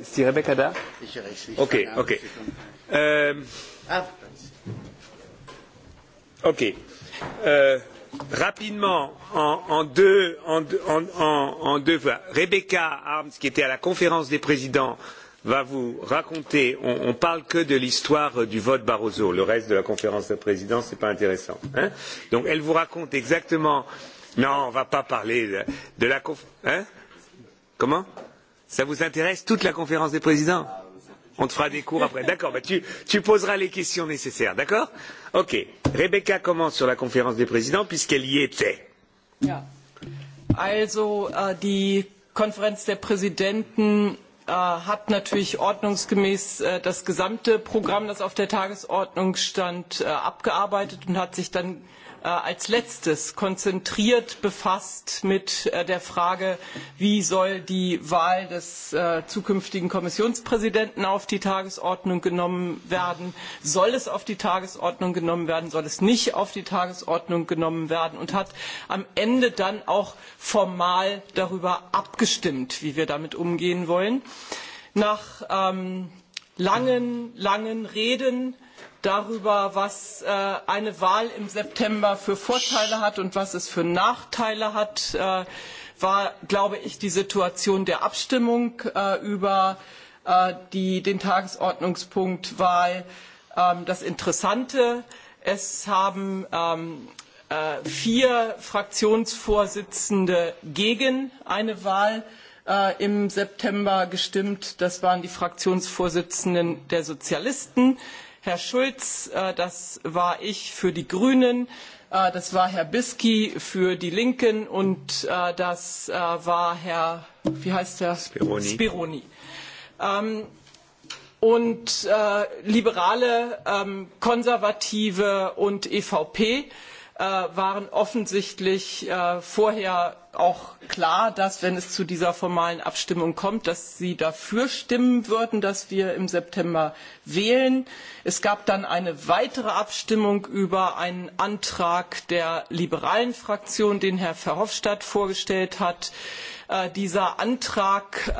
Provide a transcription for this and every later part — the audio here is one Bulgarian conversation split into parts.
Ist die Rebecca da? Okay, okay. Ähm, okay. Äh, rapidement, en, en, deux, en, en, en deux fois. Rebecca Arms, qui était à la conférence des présidents, va vous raconter. On, ne parle que de l'histoire du vote Barroso. Le reste de la conférence des présidents, ce n'est pas intéressant. Hein Donc elle vous raconte exactement. Non, on ne va pas parler de, de la conférence. Hein Comment Ça vous intéresse toute la conférence des présidents On te fera des cours après. D'accord, bah tu, tu poseras les questions nécessaires, d'accord Ok. Rebecca commence sur la conférence des présidents puisqu'elle y était. Ja. Also, uh, die Konferenz der Präsidenten hat natürlich ordnungsgemäß das gesamte Programm, das auf der Tagesordnung stand, abgearbeitet und hat sich dann als letztes konzentriert befasst mit der Frage, wie soll die Wahl des zukünftigen Kommissionspräsidenten auf die Tagesordnung genommen werden? Soll es auf die Tagesordnung genommen werden? Soll es nicht auf die Tagesordnung genommen werden? Und hat am Ende dann auch formal darüber abgestimmt, wie wir damit umgehen wollen. Nach langen, langen Reden darüber, was eine Wahl im September für Vorteile hat und was es für Nachteile hat, war, glaube ich, die Situation der Abstimmung über den Tagesordnungspunkt Wahl das Interessante. Es haben vier Fraktionsvorsitzende gegen eine Wahl im September gestimmt. Das waren die Fraktionsvorsitzenden der Sozialisten. Herr Schulz, das war ich für die Grünen, das war Herr Bisky für die Linken und das war Herr, wie heißt der? Speroni. Und Liberale, Konservative und EVP waren offensichtlich vorher auch klar, dass wenn es zu dieser formalen Abstimmung kommt, dass Sie dafür stimmen würden, dass wir im September wählen. Es gab dann eine weitere Abstimmung über einen Antrag der liberalen Fraktion, den Herr Verhofstadt vorgestellt hat dieser Antrag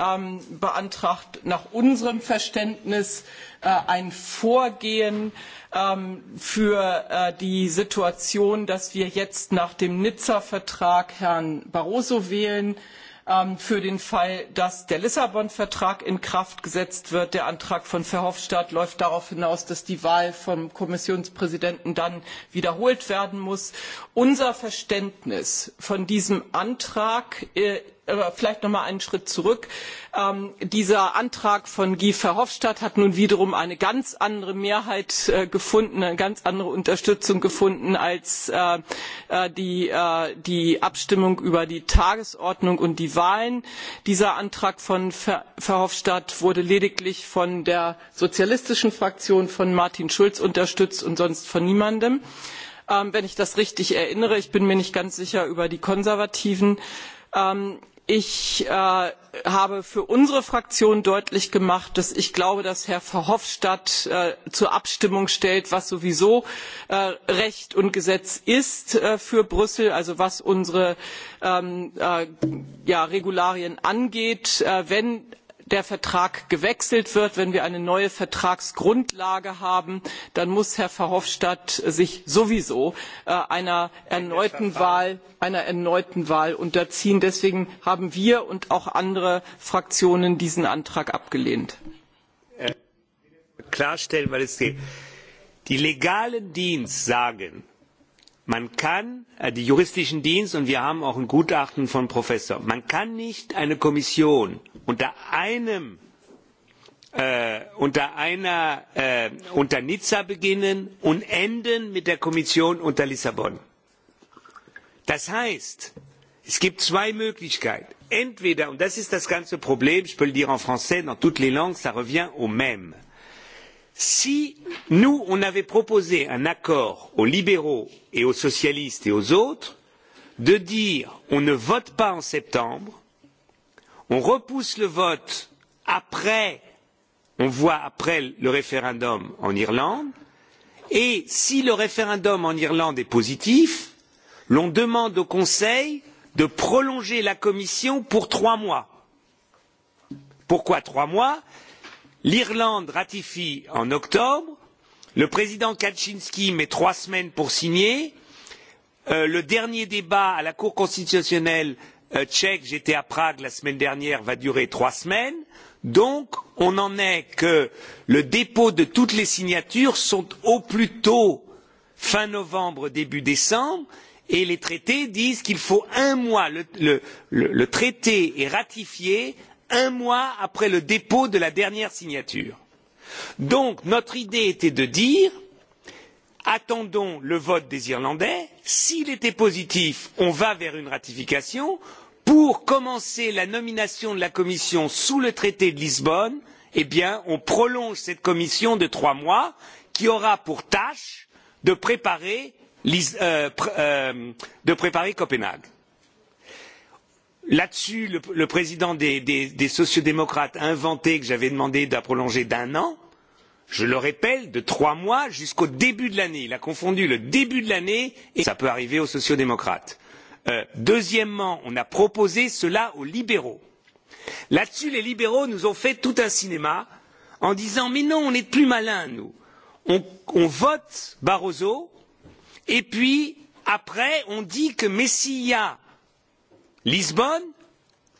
beantragt nach unserem Verständnis ein Vorgehen für die Situation, dass wir jetzt nach dem Nizza-Vertrag Herrn Barroso wählen, für den Fall, dass der Lissabon-Vertrag in Kraft gesetzt wird. Der Antrag von Verhofstadt läuft darauf hinaus, dass die Wahl vom Kommissionspräsidenten dann wiederholt werden muss. Unser Verständnis von diesem Antrag vielleicht noch mal einen Schritt zurück. dieser Antrag von Guy Verhofstadt hat nun wiederum eine ganz andere Mehrheit gefunden, eine ganz andere Unterstützung gefunden als die, Abstimmung über die Tagesordnung und die Wahlen. Dieser Antrag von Verhofstadt wurde lediglich von der sozialistischen Fraktion von Martin Schulz unterstützt und sonst von niemandem. wenn ich das richtig erinnere, ich bin mir nicht ganz sicher über die Konservativen ich habe für unsere fraktion deutlich gemacht dass ich glaube dass herr verhofstadt zur abstimmung stellt was sowieso recht und gesetz ist für brüssel also was unsere regularien angeht. wenn der vertrag gewechselt wird wenn wir eine neue vertragsgrundlage haben dann muss herr verhofstadt sich sowieso einer erneuten wahl unterziehen. deswegen haben wir und auch andere fraktionen diesen antrag abgelehnt. klarstellen weil die legalen Dienste sagen Man kann die juristischen Dienste und wir haben auch ein Gutachten von Professor. Man kann nicht eine Kommission unter einem unter einer unter Nizza beginnen und enden mit der Kommission unter Lissabon. Das heißt, es gibt zwei Möglichkeiten. Entweder, und das ist das ganze Problem, je peux le dire en français, dans toutes les langues, ça revient au même si nous on avait proposé un accord aux libéraux et aux socialistes et aux autres de dire on ne vote pas en septembre on repousse le vote après on voit après le référendum en Irlande et si le référendum en Irlande est positif l'on demande au Conseil de prolonger la Commission pour trois mois. Pourquoi trois mois? l'irlande ratifie en octobre le président kaczyski met trois semaines pour signer le dernier débat à la cour constitutionnelle tchèque j'étais à prague la semaine dernière va durer trois semaines donc on en est que le dépôt de toutes les signatures sont au plus tôt fin novembre début décembre et les traités disent qu'il faut un mois le traité est ratifié un mois après le dépôt de la dernière signature. donc notre idée était de dire attendons le vote des irlandais s'il était positif on va vers une ratification pour commencer la nomination de la commission sous le traité de lisbonne eh bien on prolonge cette commission de trois mois qui aura pour tâche de préparer copenhague là dessus le, président des, sociaux démocrates a inventé que j'avais demandé de la prolonger d'un an je le rappelle de trois mois jusqu'au début de l'année il a confondu le début de l'année et cela peut arriver aux sociaux démocrates. deuxièmement on a proposé cela aux libéraux. là dessus les libéraux nous ont fait tout un cinéma en disant mais non on est plus malins nous on vote barroso et puis après on dit que messia Lisbonne,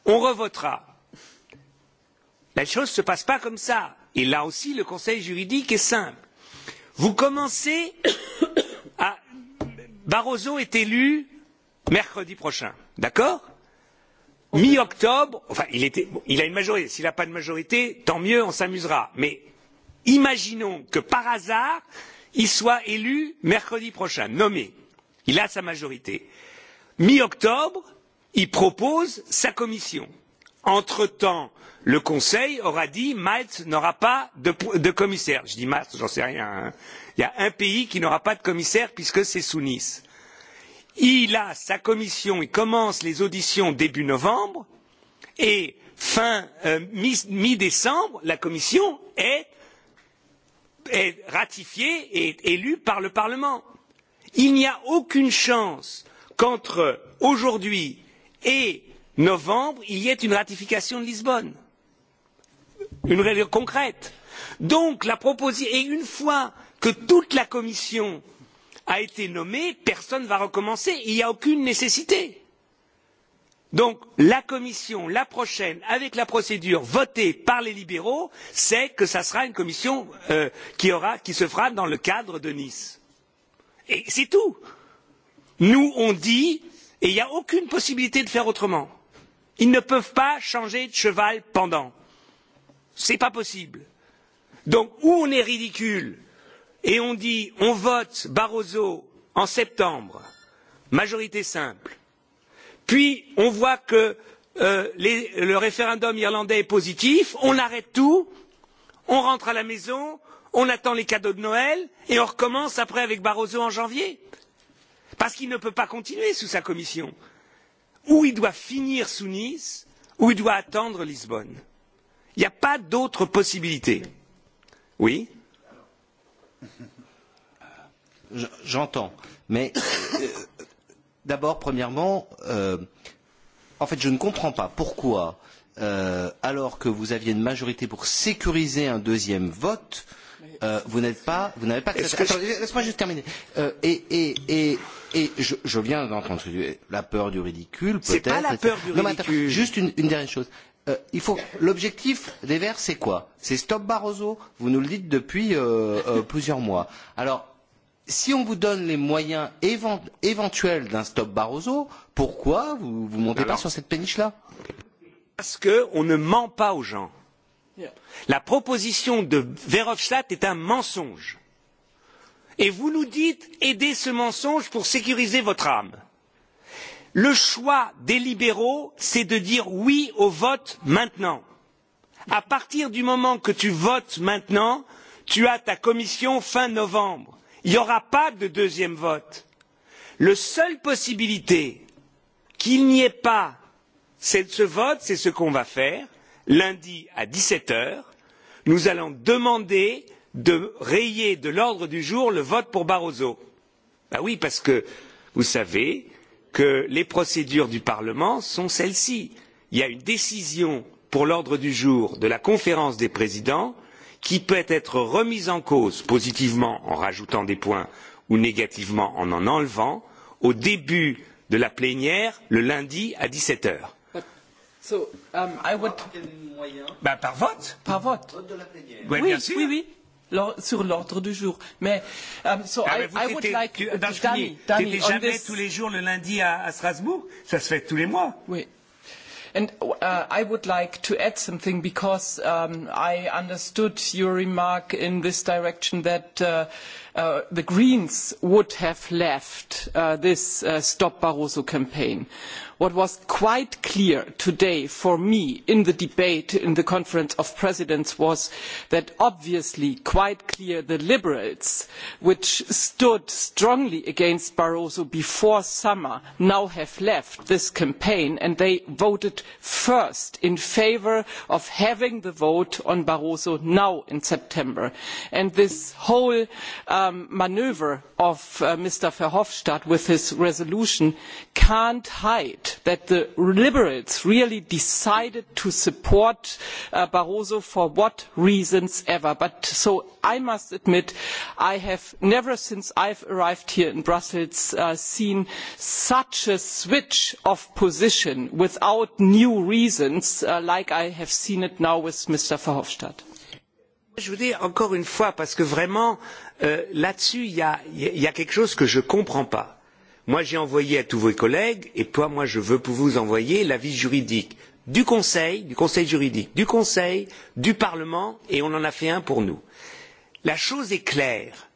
on revotera. La chose ne se passe pas comme ça. Et là aussi, le conseil juridique est simple. Vous commencez à. Barroso est élu mercredi prochain. D'accord Mi octobre, enfin il, était, il a une majorité, s'il n'a pas de majorité, tant mieux, on s'amusera. Mais imaginons que par hasard, il soit élu mercredi prochain, nommé. Il a sa majorité. Mi octobre, il propose sa commission. entre temps le conseil aura dit malte n'aura pas de, commissaire je dis malte j'en sais rien il y a un pays qui n'aura pas de commissaire puisque c'est Nice. il a sa commission il commence les auditions début novembre et fin mi, décembre la commission est, ratifiée et élue par le parlement. il n'y a aucune chance qu'entre aujourd'hui et novembre, il y ait une ratification de Lisbonne. Une réunion concrète. Donc, la proposition. Et une fois que toute la commission a été nommée, personne ne va recommencer. Il n'y a aucune nécessité. Donc, la commission, la prochaine, avec la procédure votée par les libéraux, c'est que ce sera une commission qui, se fera dans le cadre de Nice. Et c'est tout. Nous, on dit, et il n'y a aucune possibilité de faire autrement. Ils ne peuvent pas changer de cheval pendant. Ce n'est pas possible. Donc, ou on est ridicule et on dit on vote Barroso en septembre, majorité simple, puis on voit que le référendum irlandais est positif, on arrête tout, on rentre à la maison, on attend les cadeaux de Noël et on recommence après avec Barroso en janvier. Parce qu'il ne peut pas continuer sous sa commission. Ou il doit finir sous Nice, ou il doit attendre Lisbonne. Il n'y a pas d'autre possibilité. Oui J'entends. Mais d'abord, premièrement, en fait, je ne comprends pas pourquoi, alors que vous aviez une majorité pour sécuriser un deuxième vote, vous n'êtes pas, vous n'avez pas. Attendez, laisse-moi juste terminer. et, et, et Et je, je viens d'entendre la peur du ridicule, peut-être. C'est pas la peur du ridicule. juste une, une dernière chose. Euh, il faut. L'objectif des Verts, c'est quoi C'est stop Barroso. Vous nous le dites depuis euh, euh, plusieurs mois. Alors, si on vous donne les moyens éventuels d'un stop Barroso, pourquoi vous ne montez pas sur cette péniche-là Parce qu'on ne ment pas aux gens. La proposition de Verhofstadt est un mensonge. Et vous nous dites aidez ce mensonge pour sécuriser votre âme. Le choix des libéraux, c'est de dire oui au vote maintenant. À partir du moment que tu votes maintenant, tu as ta commission fin novembre. Il n'y aura pas de deuxième vote. La seule possibilité qu'il n'y ait pas ce vote, c'est ce qu'on va faire lundi à dix sept heures. Nous allons demander de rayer de l'ordre du jour le vote pour Barroso. Ben oui, parce que vous savez que les procédures du Parlement sont celles-ci. Il y a une décision pour l'ordre du jour de la conférence des présidents qui peut être remise en cause positivement en rajoutant des points ou négativement en en enlevant au début de la plénière le lundi à dix sept heures. par vote Par vote. Oui, oui, oui sur l'ordre du jour. Mais, um, so ah, I, mais I would like tu, Danny, Danny, jamais this... tous les jours le lundi à, à Strasbourg. Ça se fait tous les mois. Oui. And uh, I would like to add something because um, I understood your remark in this direction that uh, uh, the Greens would have left uh, this uh, Stop Barroso campaign what was quite clear today for me in the debate in the conference of presidents was that obviously quite clear the liberals which stood strongly against barroso before summer now have left this campaign and they voted first in favour of having the vote on barroso now in september and this whole manoeuvre of mr verhofstadt with his resolution cannot hide that the liberals really decided to support barroso for what reasons ever but i must admit i have never since i have arrived here in brussels seen such a switch of position without new reasons like i have seen it now with mr verhofstadt je vous dis encore une fois parce que vraiment là dessus il y a quelque chose que je ne comprends pas Moi, j'ai envoyé à tous vos collègues, et toi, moi, je veux vous envoyer l'avis juridique du Conseil, du Conseil juridique, du Conseil, du Parlement, et on en a fait un pour nous. La chose est claire.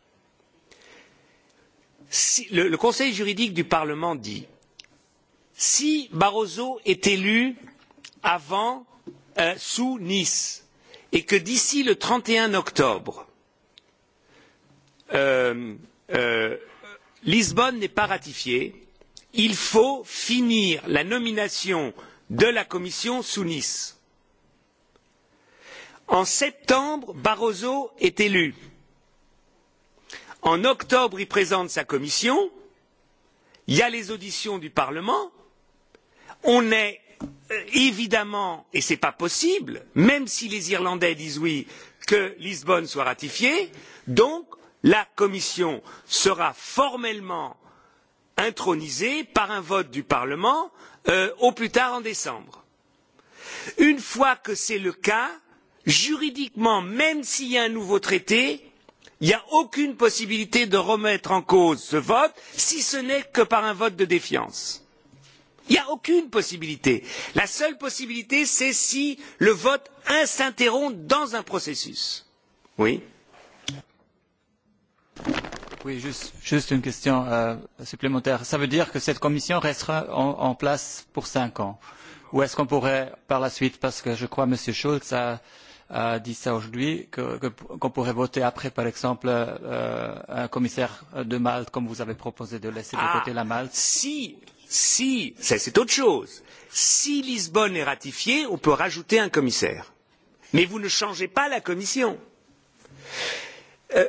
le, Conseil juridique du Parlement dit si Barroso est élu avant sous Nice et que d'ici le trente et un octobre lisbonne n'est pas ratifiée il faut finir la nomination de la commission sous nice. en septembre barroso est élu en octobre il présente sa commission il y a les auditions du parlement on est évidemment et ce n'est pas possible même si les irlandais disent oui que lisbonne soit ratifiée donc la Commission sera formellement intronisée par un vote du Parlement au plus tard en décembre. Une fois que c'est le cas, juridiquement, même s'il y a un nouveau traité, il n'y a aucune possibilité de remettre en cause ce vote, si ce n'est que par un vote de défiance. Il n'y a aucune possibilité. La seule possibilité, c'est si le vote s'interrompt dans un processus. Oui. Oui, juste, une question supplémentaire. Cela veut dire que cette commission restera en, place pour cinq ans Ou est-ce qu'on pourrait, par la suite, parce que je crois que M. Schulz a, dit cela aujourd'hui, qu'on pourrait voter après, par exemple, un commissaire de Malte, comme vous avez proposé de laisser de côté la Malte Si, si, c'est autre chose. Si Lisbonne est ratifiée, on peut rajouter un commissaire. Mais vous ne changez pas la commission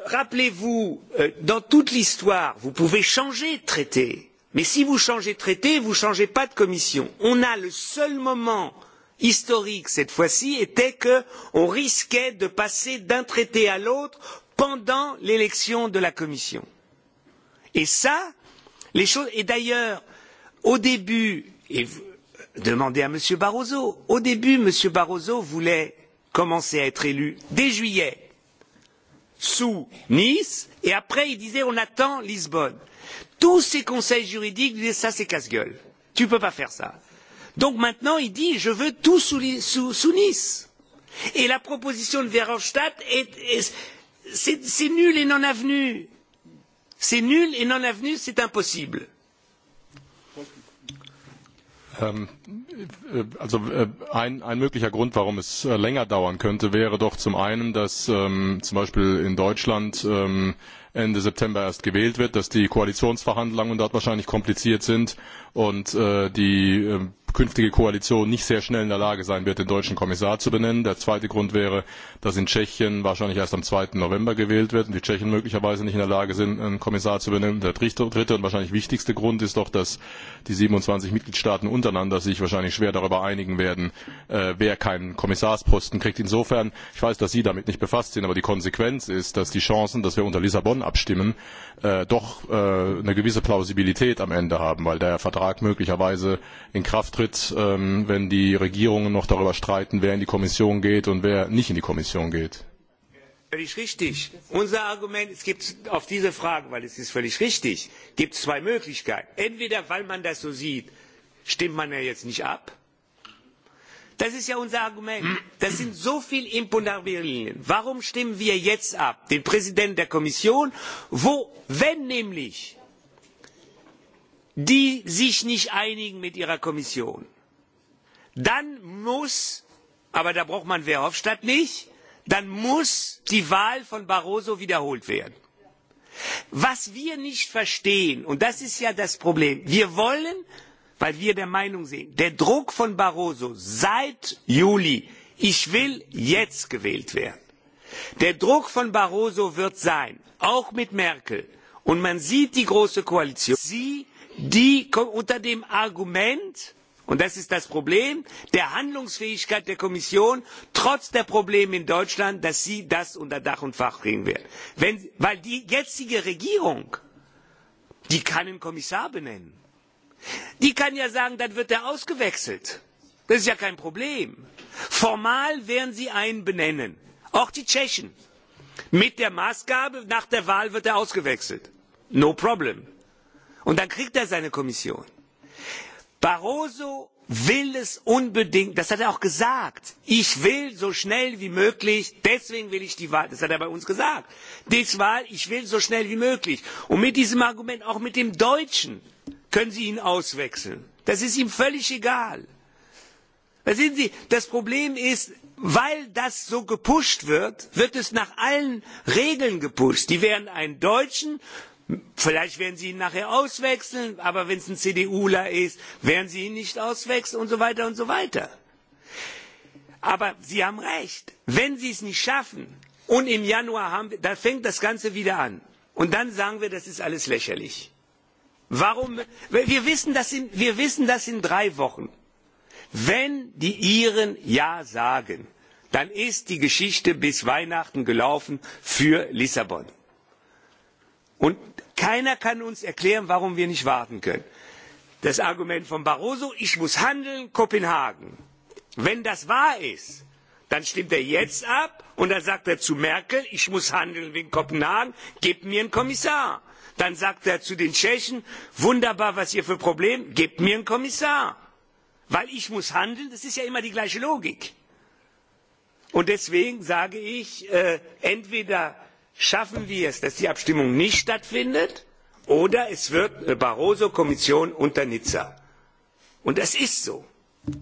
rappelez vous dans toute l'histoire vous pouvez changer de traité mais si vous changez de traité vous ne changez pas de commission. on a le seul moment historique cette fois ci était qu'on risquait de passer d'un traité à l'autre pendant l'élection de la commission. et ça les choses et d'ailleurs au début et demandez à m. barroso au début m. barroso voulait commencer à être élu dès juillet sous Nice, et après il disait on attend Lisbonne. Tous ces conseils juridiques disaient ça c'est casse-gueule. Tu ne peux pas faire ça. Donc maintenant il dit je veux tout sous, Nice. Et la proposition de Verhofstadt est, c'est nul et non avenu. C'est nul et non avenu, c'est impossible. Also ein, möglicher Grund, warum es länger dauern könnte, wäre doch zum einen, dass zum Beispiel in Deutschland Ende September erst gewählt wird, dass die Koalitionsverhandlungen dort wahrscheinlich kompliziert sind und die künftige Koalition nicht sehr schnell in der Lage sein wird, den deutschen Kommissar zu benennen. Der zweite Grund wäre, dass in Tschechien wahrscheinlich erst am 2. November gewählt wird und die Tschechen möglicherweise nicht in der Lage sind, einen Kommissar zu benennen. Der dritte und wahrscheinlich wichtigste Grund ist doch, dass die 27 Mitgliedstaaten untereinander sich wahrscheinlich schwer darüber einigen werden, wer keinen Kommissarsposten kriegt. Insofern, ich weiß, dass Sie damit nicht befasst sind, aber die Konsequenz ist, dass die Chancen, dass wir unter Lissabon abstimmen, doch eine gewisse Plausibilität am Ende haben, weil der Vertrag möglicherweise in Kraft tritt Schritt, wenn die Regierungen noch darüber streiten, wer in die Kommission geht und wer nicht in die Kommission geht. Völlig richtig. Unser Argument, es gibt auf diese Frage, weil es ist völlig richtig, gibt es zwei Möglichkeiten. Entweder, weil man das so sieht, stimmt man ja jetzt nicht ab. Das ist ja unser Argument. Das sind so viele Imponderabilien. Warum stimmen wir jetzt ab, den Präsidenten der Kommission, wo, wenn nämlich die sich nicht einigen mit ihrer Kommission, dann muss, aber da braucht man Verhofstadt nicht, dann muss die Wahl von Barroso wiederholt werden. Was wir nicht verstehen, und das ist ja das Problem, wir wollen, weil wir der Meinung sind, der Druck von Barroso seit Juli, ich will jetzt gewählt werden. Der Druck von Barroso wird sein, auch mit Merkel, und man sieht die große Koalition, sie die unter dem argument und das ist das problem der handlungsfähigkeit der kommission trotz der probleme in deutschland dass sie das unter dach und fach bringen wird. denn die jetzige regierung kann einen kommissar benennen die kann ja sagen dann wird er ausgewechselt das ist ja kein problem. formal werden sie einen benennen auch die tschechen mit der maßgabe nach der wahl wird er ausgewechselt no problem. Und dann kriegt er seine Kommission. Barroso will es unbedingt, das hat er auch gesagt, ich will so schnell wie möglich, deswegen will ich die Wahl, das hat er bei uns gesagt, die Wahl, ich will so schnell wie möglich. Und mit diesem Argument, auch mit dem Deutschen, können Sie ihn auswechseln. Das ist ihm völlig egal. Sehen Sie, das Problem ist, weil das so gepusht wird, wird es nach allen Regeln gepusht. Die werden einen Deutschen Vielleicht werden Sie ihn nachher auswechseln, aber wenn es ein CDUler ist, werden Sie ihn nicht auswechseln und so weiter und so weiter. Aber Sie haben recht. Wenn Sie es nicht schaffen und im Januar haben, da fängt das Ganze wieder an. Und dann sagen wir, das ist alles lächerlich. Warum? Wir wissen das in, wir wissen das in drei Wochen. Wenn die Iren Ja sagen, dann ist die Geschichte bis Weihnachten gelaufen für Lissabon. Und keiner kann uns erklären warum wir nicht warten können. das argument von barroso ich muss handeln kopenhagen wenn das wahr ist dann stimmt er jetzt ab und dann sagt er zu merkel ich muss handeln wegen kopenhagen gebt mir einen kommissar. dann sagt er zu den tschechen wunderbar was ihr für probleme gebt mir einen kommissar. weil ich muss handeln das ist ja immer die gleiche logik. und deswegen sage ich entweder schaffen wir es dass die abstimmung nicht stattfindet oder es wird eine barroso kommission unter nizza. und das ist so.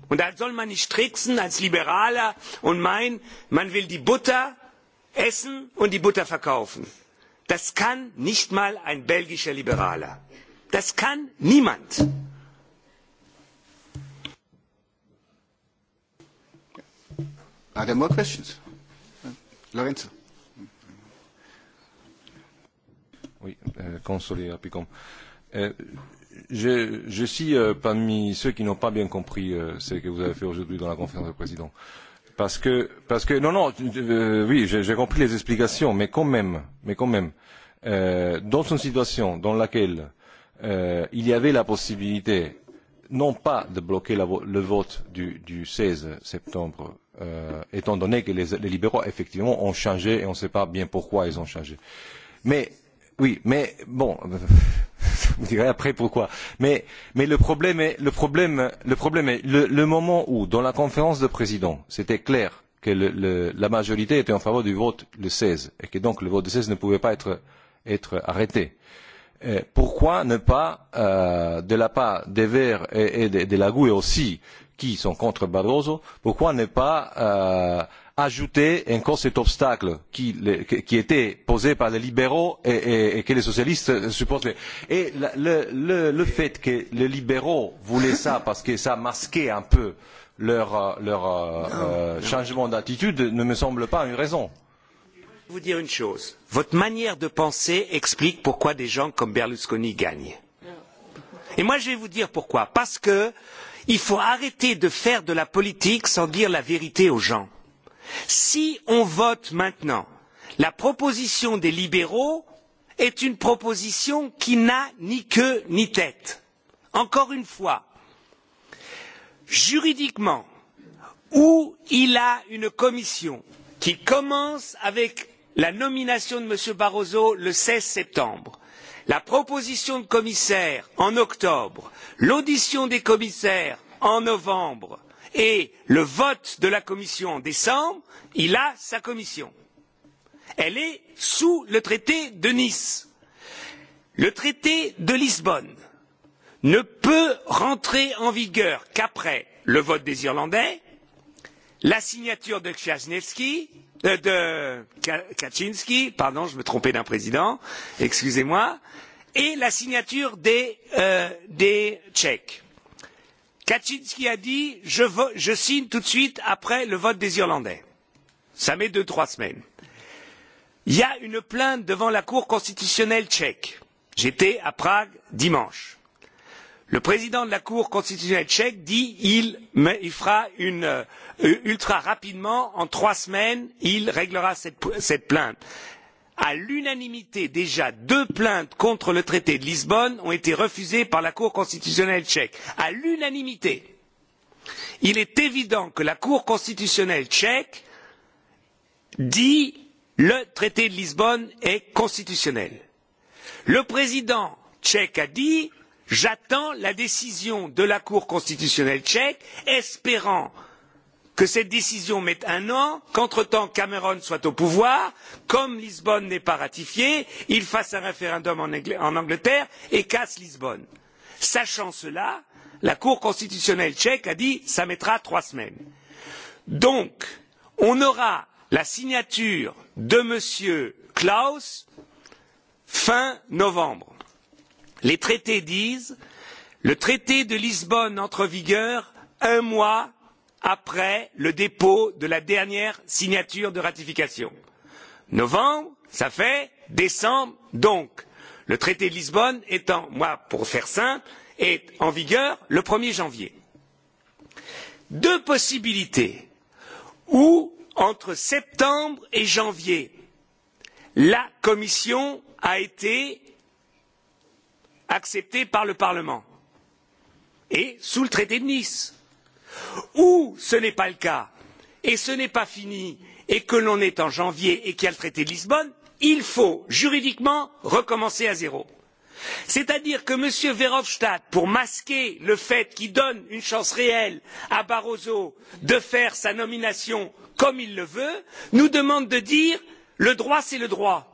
und da soll man nicht tricksen als liberaler und meinen man will die butter essen und die butter verkaufen. das kann nicht mal ein belgischer liberaler. das kann niemand. Are there more questions? Lorenzo. oui, euh, consolé à Picom. Euh, je, je suis euh, parmi ceux qui n'ont pas bien compris euh, ce que vous avez fait aujourd'hui dans la conférence des présidents. Parce que, parce que, non, non, euh, oui, j'ai compris les explications, mais quand même, mais quand même, euh, dans une situation dans laquelle euh, il y avait la possibilité, non pas de bloquer la, le vote du, du 16 septembre étant donné que les, libéraux, effectivement, ont changé et on ne sait pas bien pourquoi ils ont changé. Mais Oui, mais bon, vous direz après pourquoi. Mais, mais le problème est, le problème, le problème est le, le moment où, dans la conférence de présidents, c'était clair que le, le, la majorité était en faveur du vote le 16 et que donc le vote le 16 ne pouvait pas être, être arrêté. Et pourquoi ne pas, euh, de la part des Verts et, et de, de la GUE aussi, qui sont contre Barroso, pourquoi ne pas euh, ajouter encore cet obstacle qui, était posé par les libéraux et, que les socialistes supportaient. Et le, fait que les libéraux voulaient cela parce que cela masquait un peu leur, changement d'attitude ne me semble pas une raison. Je vais vous dire une chose. Votre manière de penser explique pourquoi des gens comme Berlusconi gagnent. Et moi, je vais vous dire pourquoi. Parce qu'il faut arrêter de faire de la politique sans dire la vérité aux gens Si on vote maintenant, la proposition des libéraux est une proposition qui n'a ni queue ni tête. Encore une fois, juridiquement, où il a une commission qui commence avec la nomination de M. Barroso le seize septembre, la proposition de commissaire en octobre, l'audition des commissaires en novembre, et le vote de la commission en décembre il a sa commission elle est sous le traité de nice. le traité de lisbonne ne peut rentrer en vigueur qu'après le vote des irlandais la signature de Kaczynski, de Kaczynski, pardon, je me trompais d'un président, excusez-moi, et la signature des, Tchèques kaczynski a dit je signe tout de suite après le vote des irlandais. cela met deux trois semaines. il y a une plainte devant la cour constitutionnelle tchèque. j'étais à prague dimanche. le président de la cour constitutionnelle tchèque dit il fera ultra rapidement en trois semaines il réglera cette plainte à l'unanimité déjà deux plaintes contre le traité de lisbonne ont été refusées par la cour constitutionnelle tchèque à l'unanimité. il est évident que la cour constitutionnelle tchèque dit le traité de lisbonne est constitutionnel. le président tchèque a dit j'attends la décision de la cour constitutionnelle tchèque espérant que cette décision mette un an, qu'entre temps Cameron soit au pouvoir, comme Lisbonne n'est pas ratifiée, il fasse un référendum en Angleterre et casse Lisbonne. Sachant cela, la Cour constitutionnelle tchèque a dit ça mettra trois semaines. Donc, on aura la signature de M. Klaus fin novembre. Les traités disent le traité de Lisbonne entre en vigueur un mois après le dépôt de la dernière signature de ratification. Novembre, ça fait décembre donc. Le traité de Lisbonne étant, moi, pour faire simple, est en vigueur le 1er janvier. Deux possibilités ou entre septembre et janvier, la Commission a été acceptée par le Parlement et sous le traité de Nice ou ce n'est pas le cas et ce n'est pas fini et que l'on est en janvier et qu'il y a le traité de Lisbonne, il faut juridiquement recommencer à zéro. C'est-à-dire que M. Verhofstadt, pour masquer le fait qu'il donne une chance réelle à Barroso de faire sa nomination comme il le veut, nous demande de dire le droit c'est le droit.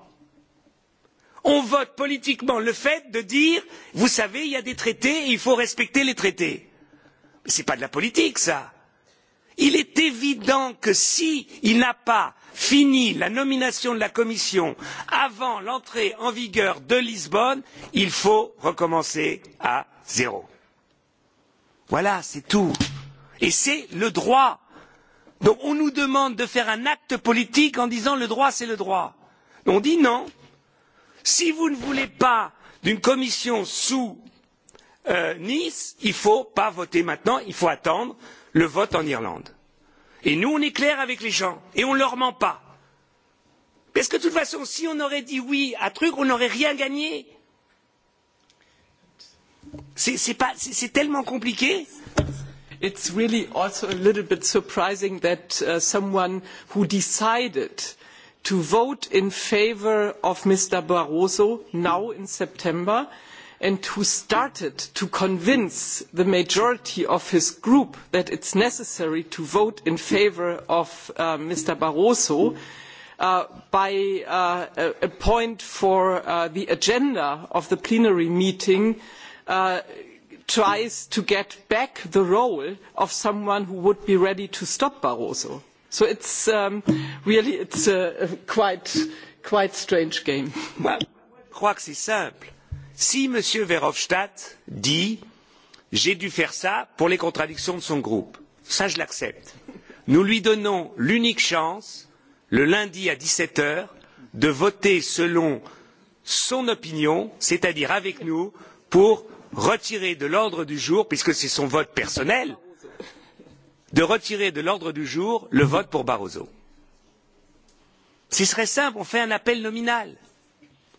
On vote politiquement le fait de dire vous savez, il y a des traités et il faut respecter les traités ce n'est pas de la politique, ça. Il est évident que s'il n'a pas fini la nomination de la Commission avant l'entrée en vigueur de Lisbonne, il faut recommencer à zéro. Voilà, c'est tout. Et c'est le droit. Donc on nous demande de faire un acte politique en disant le droit c'est le droit. On dit non. Si vous ne voulez pas d'une commission sous nice il ne faut pas voter maintenant il faut attendre le vote en irlande. et nous on est clairs avec les gens et on ne leur ment pas parce que de toute façon si on avait dit oui à truc on n'aurait rien gagné. c'est tellement compliqué. It's really also a little bit surprising that someone who decided to vote in favour of Mr Barroso now in September and who started to convince the majority of his group that it is necessary to vote in favour of Mr. Barroso by a point for the agenda of the plenary meeting tries to get back the role of someone who would be ready to stop Barroso. So it is really a quite strange game si m. verhofstadt dit j'ai dû faire cela pour les contradictions de son groupe cela je l'accepte nous lui donnons l'unique chance le lundi à dix sept heures de voter selon son opinion c'est à dire avec nous pour retirer de l'ordre du jour puisque c'est son vote personnel de retirer de l'ordre du jour le vote pour Barroso. Ce serait simple, on fait un appel nominal.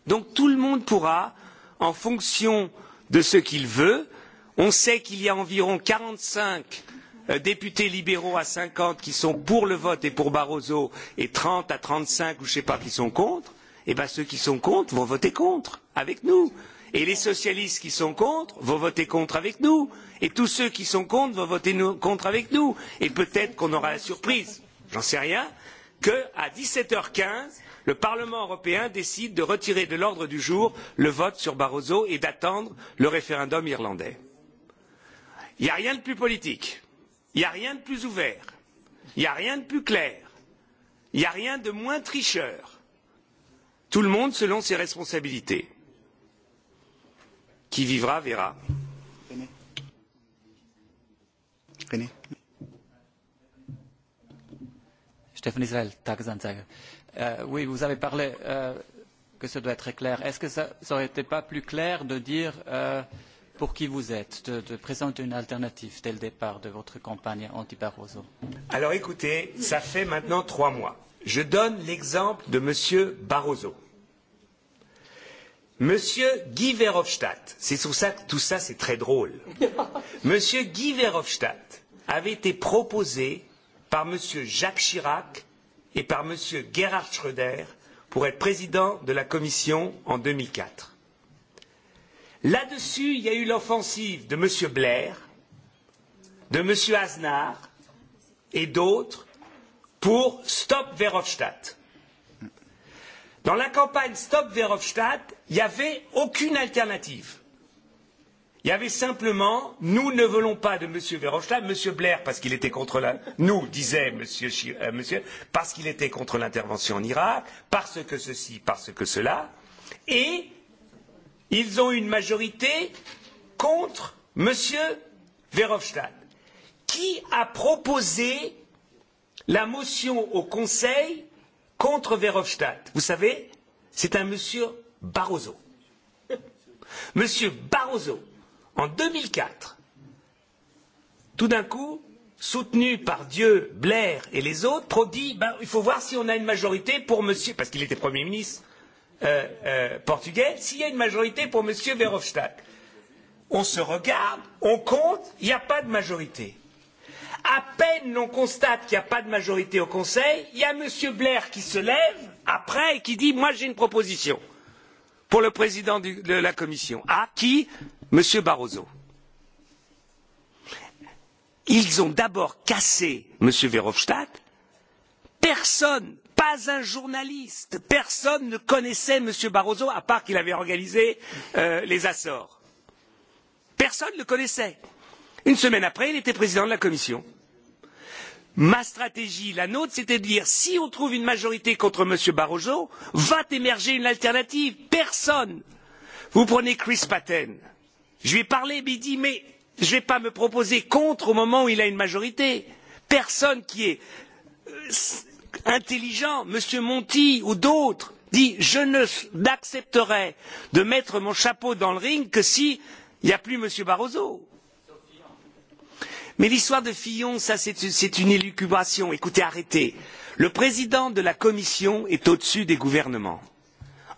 Donc tout le monde pourra en fonction de ce qu'il veut. On sait qu'il y a environ quarante cinq députés libéraux à cinquante qui sont pour le vote et pour Barroso et trente à trente cinq ou je ne sais pas qui sont contre. Eh bien ceux qui sont contre vont voter contre avec nous. Et les socialistes qui sont contre vont voter contre avec nous. Et tous ceux qui sont contre vont voter contre avec nous. Et peut-être qu'on aura la surprise, j'en sais rien, Que à dix sept h quinze le parlement européen décide de retirer de l'ordre du jour le vote sur barroso et d'attendre le référendum irlandais. il n'y a rien de plus politique il n'y a rien de plus ouvert il n'y a rien de plus clair il n'y a rien de moins tricheur tout le monde selon ses responsabilités. qui vivra verra. Stéphane Israël, Tagesanzeiger. oui, vous avez parlé que ce doit être clair. Est-ce que ça n'aurait été pas plus clair de dire pour qui vous êtes, de, présenter une alternative dès le départ de votre campagne anti-Barroso Alors écoutez, ça fait maintenant trois mois. Je donne l'exemple de M. Barroso. Monsieur Guy Verhofstadt, c'est pour ça que tout ça c'est très drôle. Monsieur Guy Verhofstadt avait été proposé par M. Jacques Chirac et par M. Gerhard Schröder pour être président de la Commission en deux mille quatre. Là-dessus, il y a eu l'offensive de M. Blair, de M. Aznar et d'autres pour Stop Verhofstadt. Dans la campagne Stop Verhofstadt, il n'y avait aucune alternative Il y avait simplement, nous ne voulons pas de M. Verhofstadt, M. Blair, parce qu'il était contre la, nous, disait M. Euh, monsieur, parce qu'il était contre l'intervention en Irak, parce que ceci, parce que cela, et ils ont une majorité contre M. Verhofstadt, qui a proposé la motion au Conseil contre Verhofstadt. Vous savez, c'est un monsieur Barroso. Monsieur Barroso En deux mille quatre, tout d'un coup, soutenu par Dieu, Blair et les autres, Prodi, ben, il faut voir si on a une majorité pour monsieur, parce qu'il était Premier ministre euh, euh, portugais, s'il y a une majorité pour monsieur Verhofstadt. On se regarde, on compte, il n'y a pas de majorité. À peine l'on constate qu'il n'y a pas de majorité au Conseil, il y a monsieur Blair qui se lève après et qui dit Moi j'ai une proposition pour le président de la Commission. Ah, qui Monsieur Barroso, ils ont d'abord cassé Monsieur Verhofstadt. Personne, pas un journaliste, personne ne connaissait Monsieur Barroso à part qu'il avait organisé les Açores. Personne ne le connaissait. Une semaine après, il était président de la Commission. Ma stratégie, la nôtre, c'était de dire si on trouve une majorité contre M. Barroso, va émerger une alternative. Personne. Vous prenez Chris Patten je lui ai parlé mais il dit mais je ne vais pas me proposer contre au moment où il a une majorité. personne qui est intelligent m. monti ou d'autres dit je n'accepterai de mettre mon chapeau dans le ring que s'il n'y a plus m. barroso. mais l'histoire de fillon c'est une élucubration écoutez arrêtez. le président de la commission est au dessus des gouvernements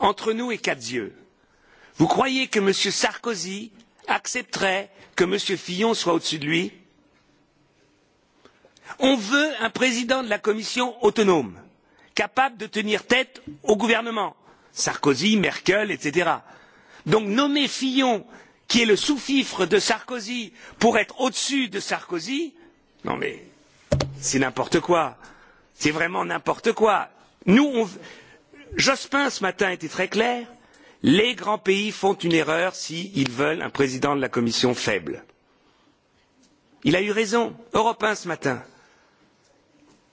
entre nous et quatre yeux. vous croyez que m. sarkozy accepterait que m. fillon soit au dessus de lui? on veut un président de la commission autonome capable de tenir tête au gouvernement sarkozy merkel etc. donc nommer fillon qui est le sous fifre de sarkozy pour être au dessus de sarkozy non mais c'est n'importe quoi c'est vraiment n'importe quoi. jospin ce matin était très clair les grands pays font une erreur s'ils veulent un président de la commission faible. il a eu raison europe un ce matin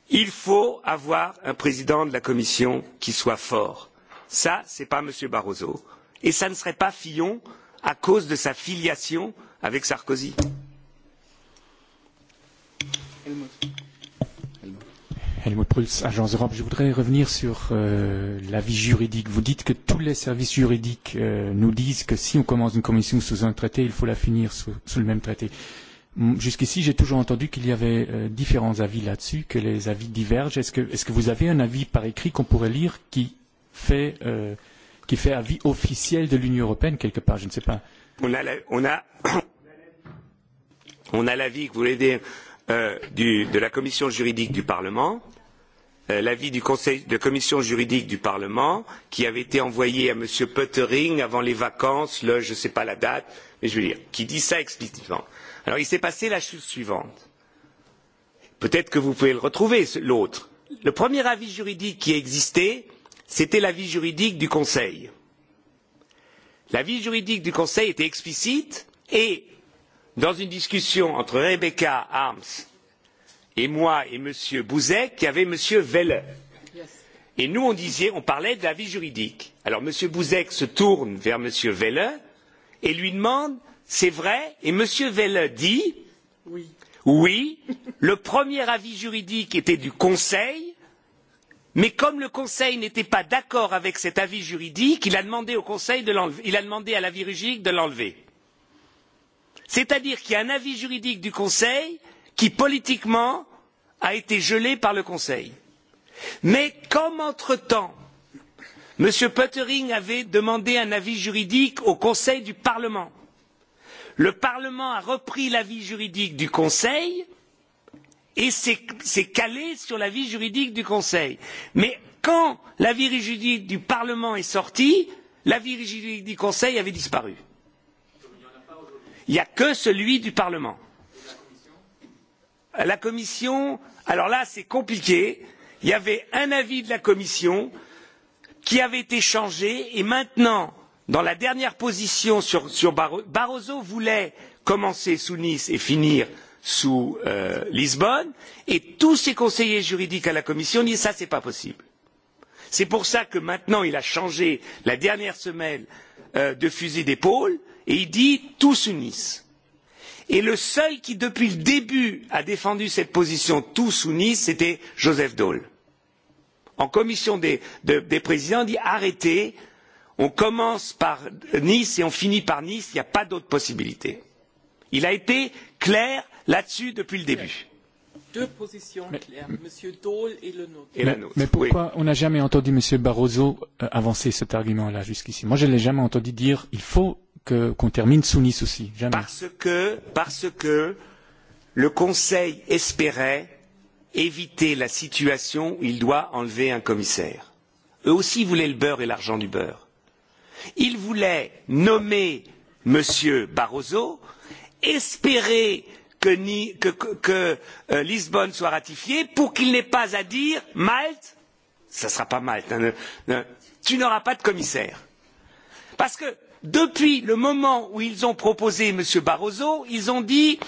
il faut avoir un président de la commission qui soit fort. ce n'est pas m. barroso et ce ne serait pas fillon à cause de sa filiation avec sarkozy. Helmut Prulz, Agence Europe. Je voudrais revenir sur euh, l'avis juridique. Vous dites que tous les services juridiques euh, nous disent que si on commence une commission sous un traité, il faut la finir sous, sous le même traité. Jusqu'ici, j'ai toujours entendu qu'il y avait euh, différents avis là-dessus, que les avis divergent. Est-ce que, est que vous avez un avis par écrit qu'on pourrait lire qui fait, euh, qui fait avis officiel de l'Union européenne quelque part Je ne sais pas. On a, la, on a, on a l'avis que vous voulez dire de la commission juridique du Parlement, l'avis du conseil de commission juridique du Parlement, qui avait été envoyé à M. Pottering avant les vacances, le, je ne sais pas la date, mais je veux dire, qui dit ça explicitement. Alors il s'est passé la chose suivante. Peut-être que vous pouvez le retrouver, l'autre. Le premier avis juridique qui existait, c'était l'avis juridique du Conseil. L'avis juridique du Conseil était explicite et dans une discussion entre Rebecca Harms et moi et M. Bouzek, il y avait M. Welle Et nous, on disait, on parlait de l'avis juridique. Alors M. Bouzek se tourne vers M. Welle et lui demande C'est vrai Et M. Welle dit Oui. Oui, le premier avis juridique était du Conseil, mais comme le Conseil n'était pas d'accord avec cet avis juridique, il a demandé au Conseil de l'enlever. Il a demandé à l'avis juridique de l'enlever c'est à dire qu'il y a un avis juridique du conseil qui politiquement a été gelé par le conseil. mais comme entre temps m. Pottering avait demandé un avis juridique au conseil du parlement le parlement a repris l'avis juridique du conseil et s'est calé sur l'avis juridique du conseil. mais quand l'avis juridique du parlement est sorti l'avis juridique du conseil avait disparu. Il n'y a que celui du Parlement. La Commission, alors là c'est compliqué, il y avait un avis de la Commission qui avait été changé et maintenant, dans la dernière position sur, Barroso voulait commencer sous Nice et finir sous Lisbonne, et tous ses conseillers juridiques à la Commission disent ça c'est pas possible. C'est pour cela que maintenant il a changé la dernière semaine de fusil d'épaule Et il dit tous s'unissent. Et le seul qui, depuis le début, a défendu cette position tous s'unissent, c'était Joseph Daul. En commission des, présidents, il dit arrêtez, on commence par Nice et on finit par Nice, il n'y a pas d'autre possibilité. Il a été clair là-dessus depuis le début. Deux positions claires, Monsieur Daul et le nôtre. Et la nôtre. Mais pourquoi on n'a jamais entendu Monsieur Barroso avancer cet argument-là jusqu'ici Moi, je ne l'ai jamais entendu dire il faut que, qu'on termine Nice aussi. Jamais. Parce que, parce que le Conseil espérait éviter la situation où il doit enlever un commissaire. Eux aussi voulaient le beurre et l'argent du beurre. Ils voulaient nommer M. Barroso, espérer que, Lisbonne soit ratifiée pour qu'il n'ait pas à dire Malte, ça ne sera pas Malte, tu n'auras pas de commissaire. Parce que depuis le moment où ils ont proposé m. barroso ils ont dit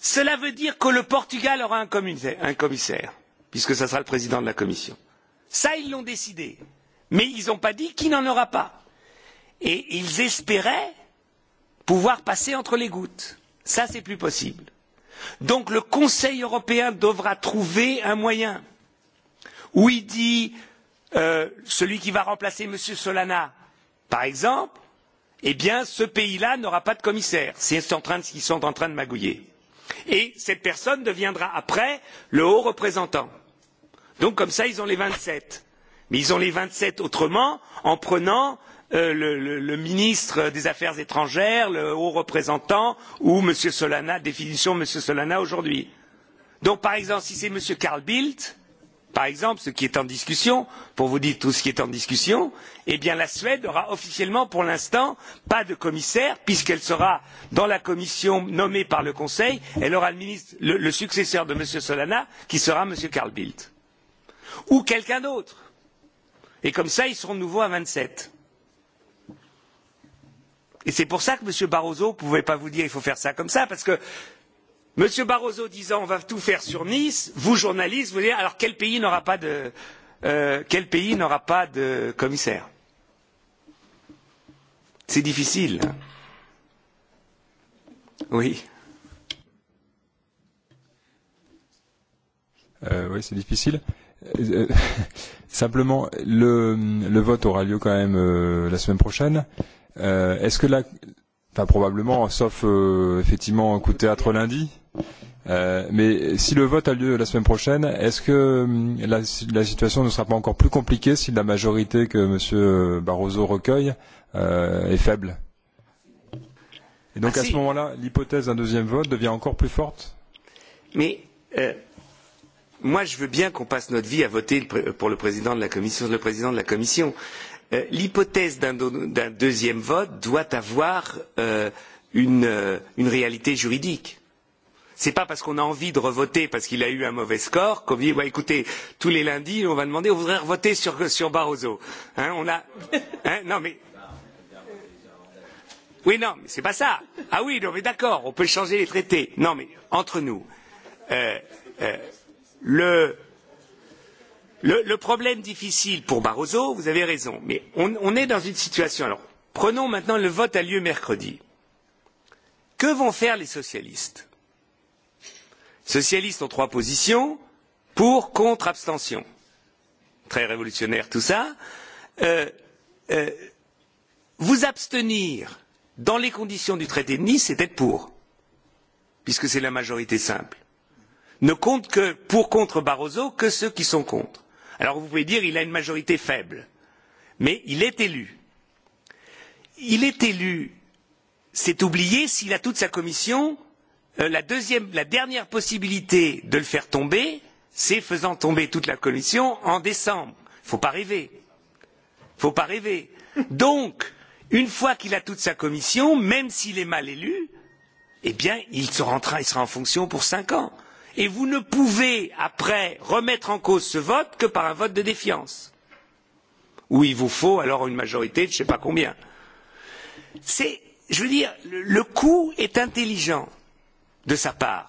cela veut dire que le portugal aura un commissaire puisque ce sera le président de la commission. ça ils l'ont décidé mais ils n'ont pas dit qui n'en aura pas et ils espéraient pouvoir passer entre les gouttes. ça c'est plus possible. donc le conseil européen devra trouver un moyen où il dit celui qui va remplacer m. solana par exemple eh bien ce pays là n'aura pas de commissaire c'est ce qu'ils sont en train de magouiller et cette personne deviendra après le haut représentant. donc comme ça ils ont les vingt sept mais ils ont les vingt sept autrement en prenant le, ministre des Affaires étrangères, le haut représentant ou M. Solana, définition M. Solana aujourd'hui. Donc par exemple, si c'est M. Carl Bildt, Par exemple, ce qui est en discussion, pour vous dire tout ce qui est en discussion, eh bien la Suède n'aura officiellement pour l'instant pas de commissaire, puisqu'elle sera dans la commission nommée par le Conseil, elle aura le, successeur de M. Solana, qui sera M. Carl Bildt. Ou quelqu'un d'autre. Et comme ça, ils seront de nouveau à vingt sept. Et c'est pour cela que M. Barroso ne pouvait pas vous dire qu'il faut faire ça comme ça, parce que m. barroso disant on va tout faire sur nice vous journalistes vous dites alors quel pays n'aura pas de commissaire? c'est difficile. oui. oui, c'est difficile. Simplement, le, le vote aura lieu quand même euh, la semaine prochaine. Euh, Est-ce que là, enfin probablement, sauf euh, effectivement coup de théâtre lundi, euh, mais si le vote a lieu la semaine prochaine, est-ce que la, situation ne sera pas encore plus compliquée si la majorité que M. Barroso recueille est faible Et donc à ce moment-là, l'hypothèse d'un deuxième vote devient encore plus forte Mais moi, je veux bien qu'on passe notre vie à voter pour le président de la commission, le président de la commission. L'hypothèse d'un deuxième vote doit avoir une réalité juridique Ce n'est pas parce qu'on a envie de revoter parce qu'il a eu un mauvais score qu'on dit écoutez, tous les lundis, on va demander on voudrait revoter sur, Barroso. on a. non, mais. Oui, non, mais c'est pas ça. Ah oui, non, mais d'accord, on peut changer les traités. Non, mais entre nous, le, le, problème difficile pour Barroso, vous avez raison, mais on, on est dans une situation. Alors, prenons maintenant le vote a lieu mercredi. Que vont faire les socialistes Socialistes ont trois positions pour, contre, abstention. Très révolutionnaire tout cela. vous abstenir dans les conditions du traité de Nice, c'est être pour, puisque c'est la majorité simple. Ne compte que pour contre Barroso que ceux qui sont contre. Alors vous pouvez dire il a une majorité faible, mais il est élu. Il est élu, c'est oublié s'il a toute sa commission la, dernière possibilité de le faire tomber, c'est faisant tomber toute la commission en décembre. Il ne faut pas rêver. Faut pas rêver. Donc, une fois qu'il a toute sa commission, même s'il est mal élu, eh bien, il sera, en train, il sera en fonction pour cinq ans. Et vous ne pouvez, après, remettre en cause ce vote que par un vote de défiance. Où il vous faut alors une majorité de je ne sais pas combien. C'est, je veux dire, le, le coût est intelligent de sa part.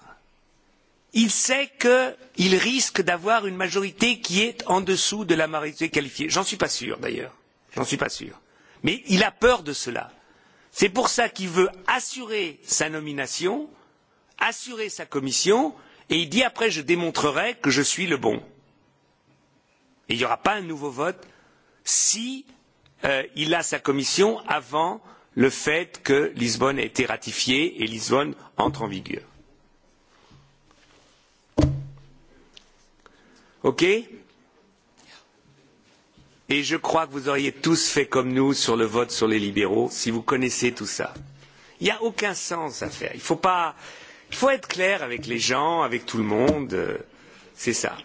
Il sait qu'il risque d'avoir une majorité qui est en dessous de la majorité qualifiée. J'en suis pas sûr d'ailleurs. J'en suis pas sûr. Mais il a peur de cela. C'est pour cela qu'il veut assurer sa nomination, assurer sa commission, et il dit après je démontrerai que je suis le bon. Et il n'y aura pas un nouveau vote si il a sa commission avant le fait que Lisbonne ait été ratifiée et Lisbonne entre en vigueur. OK Et je crois que vous auriez tous fait comme nous sur le vote sur les libéraux, si vous connaissez tout ça. Il n'y a aucun sens à faire. Il faut, pas... Il faut être clair avec les gens, avec tout le monde. C'est ça.